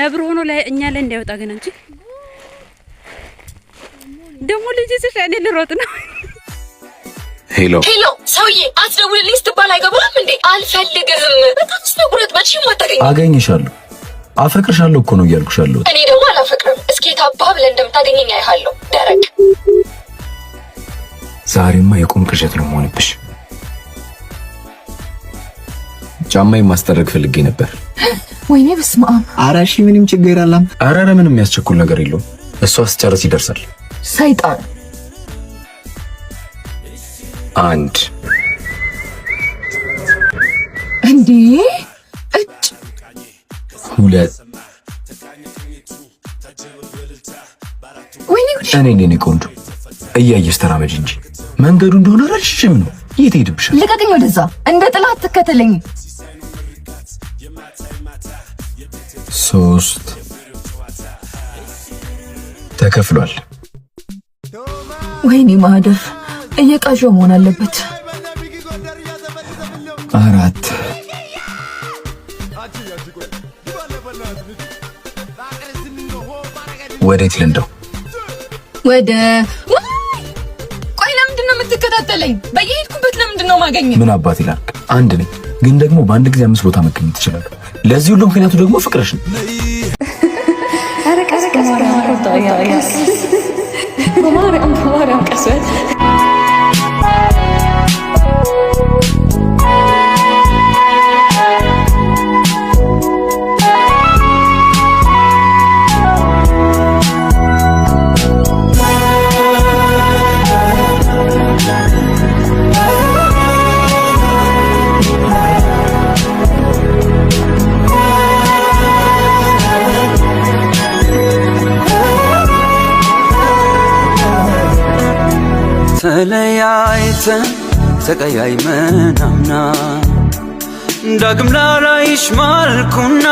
ነብር ሆኖ ላይ እኛ ላይ እንዳይወጣ ግን አንቺ ደግሞ ልጅ ስሽ እኔ ልሮጥ ነው። ሄሎ ሄሎ፣ ሰውዬ አትደውልልኝ ስትባል አይገባም እንዴ? አልፈልግህም። በጣም ስተጉረት መቼ ማታገኝ አገኝሻለሁ። አፈቅርሻለሁ እኮ ነው እያልኩሻለሁ። እኔ ደግሞ አላፈቅርም። እስኪ የታባ ብለህ እንደምታገኘኝ አይሃለሁ። ደረቅ ዛሬማ የቁም ቅዠት ነው መሆንብሽ ጫማ የማስጠረግ ፈልጌ ነበር። ወይኔ በስመ አብ! ኧረ እሺ፣ ምንም ችግር አላም። ኧረ ኧረ፣ ምንም የሚያስቸኩል ነገር የለውም። እሷ ስጨርስ ይደርሳል። ሰይጣን አንድ እንዴ! እጭ ሁለት እኔ ኔ ቆንጆ እያየሽ ተራመድ እንጂ መንገዱ እንደሆነ ረጅም ነው። የት ሄድብሻል? ልቀቅኝ! ወደዛ እንደ ጥላት ትከተለኝ። ሶስት ተከፍሏል። ወይኔ ማህደር እየቃዣው መሆን አለበት። አራት ወዴት ልንደው? ወደ ቆይ፣ ለምንድን ነው የምትከታተለኝ? በየሄድኩበት ለምንድን ነው ማገኘት? ምን አባት ይላል። አንድ ነኝ፣ ግን ደግሞ በአንድ ጊዜ አምስት ቦታ መገኘት ይችላል። ለዚህ ሁሉ ምክንያቱ ደግሞ ፍቅርሽ ነው። ተለያይተን ተቀያይመን አምና ዳግም ላላይሽ ማልኩና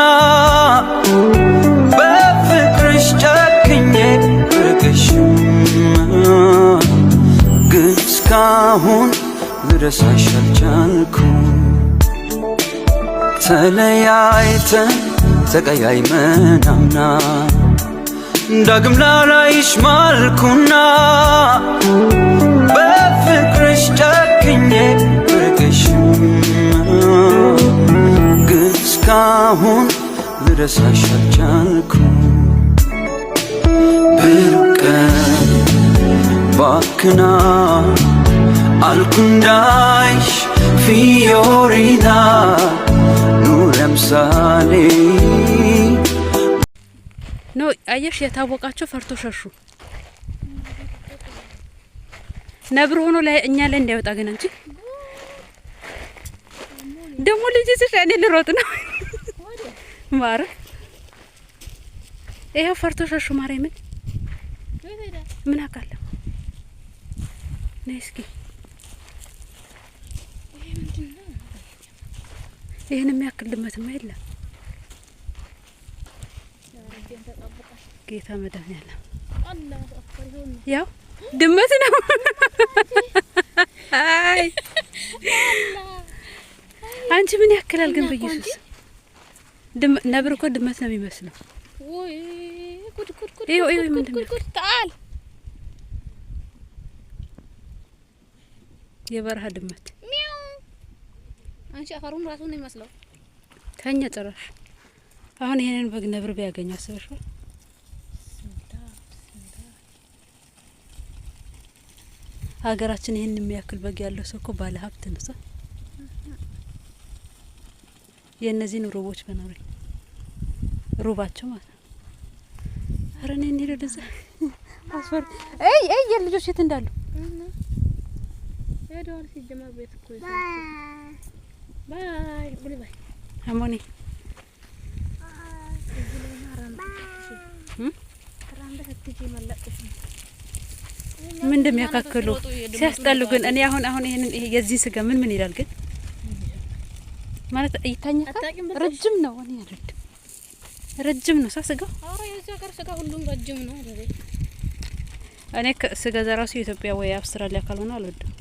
በፍቅርሽ ጨክኜ ርቅሽማ ግን እስካሁን ልረሳሽ አልቻልኩም። ተለያይተን ተቀያይመን አምና ዳግም ላላይሽ ማልኩና አሁን ልረሳሽ አልቻልኩም ብሩህ ባክና አልኩንዳሽ ፊዮሪና ኑረምሳሌ ኖ አየሽ፣ የታወቃቸው ፈርቶ ሸሹ። ነብር ሆኖ እኛ ላይ እንዳይወጣ ግን አንቺ ደግሞ ልጅ ስሽ እኔ ልሮጥ ነው ማር ይሄው ፈርቶ ሸሹ ማር ምን ምን አውቃለሁ። ነይ እስኪ ይህን የሚያክል ድመትማ የለም። ጌታ መድኃኒዓለም ያው ድመት ነው። አይ አንቺ ምን ያክላል ግን በኢየሱስ ነብር እኮ ድመት ነው የሚመስለው። ጣል የበረሃ ድመት አንቺ አፈሩን ራሱ ነው የሚመስለው። ከኛ ጭራሽ አሁን ይሄንን በግ ነብር ቢያገኝ አስበሽዋል? ሀገራችን ይህን የሚያክል በግ ያለው ሰው እኮ ባለ ሀብት ነው። የእነዚህን ሩቦች በኖረኝ ሩባቸው ማለት ነው። አረ እኔ እንሂድ ወደዛ አስፈር እይ እይ የልጆች የት እንዳሉ ሄደዋል። ሲጀመር ቤት እኮ ባይ ጉልባ አሞኔ ምን እንደሚያካክሉ ሲያስጠሉ ግን እኔ አሁን አሁን ይሄንን ይሄ የዚህ ስጋ ምን ምን ይላል ግን ማለት እይታኛ ረጅም ነው። እኔ አልወድም። ረጅም ነው ስጋው። አረ የዚህ ሀገር ስጋ ሁሉም ረጅም ነው። እኔ ስጋ ራሱ ኢትዮጵያ ወይ አውስትራሊያ ካልሆነ አልወድም።